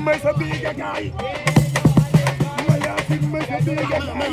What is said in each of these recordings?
may sa biige gaay ma yaasin may sa biige gaay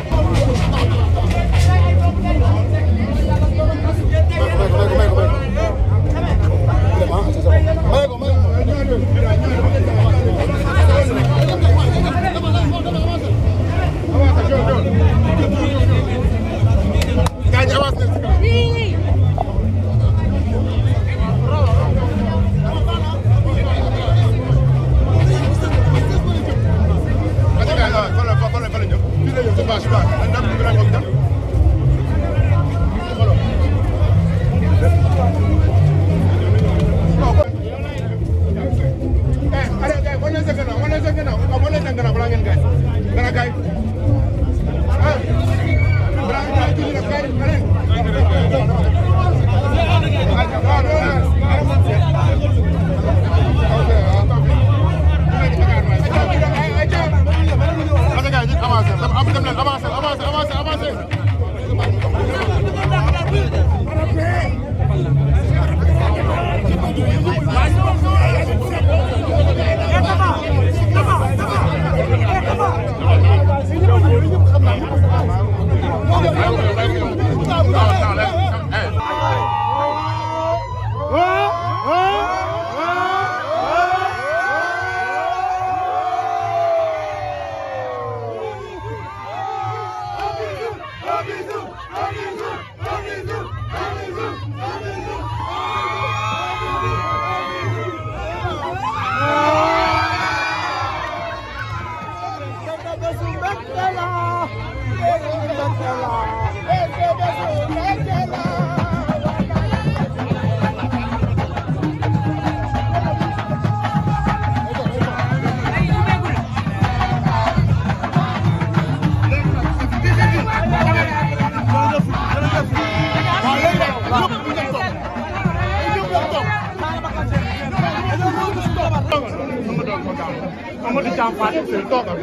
Amadou Thiam Fatou Seye toogal.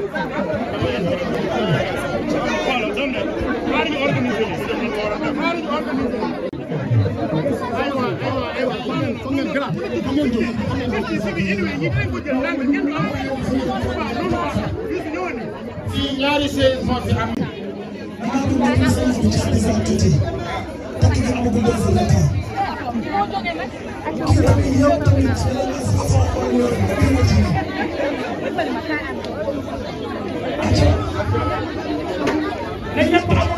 voilà donc nag maa ngi organisé lii. maa ngi organisé lii. aywa aywa aywa foog ngeen foog ngeen gëlaat foog ngeen jóg. waaw ñaari séeréer moo fi am. kii bi amagul doon sa lekk. kii tamit yow tamit yeneen yi sa soxla xool yor nga déglu ci. mais ñëpp amul.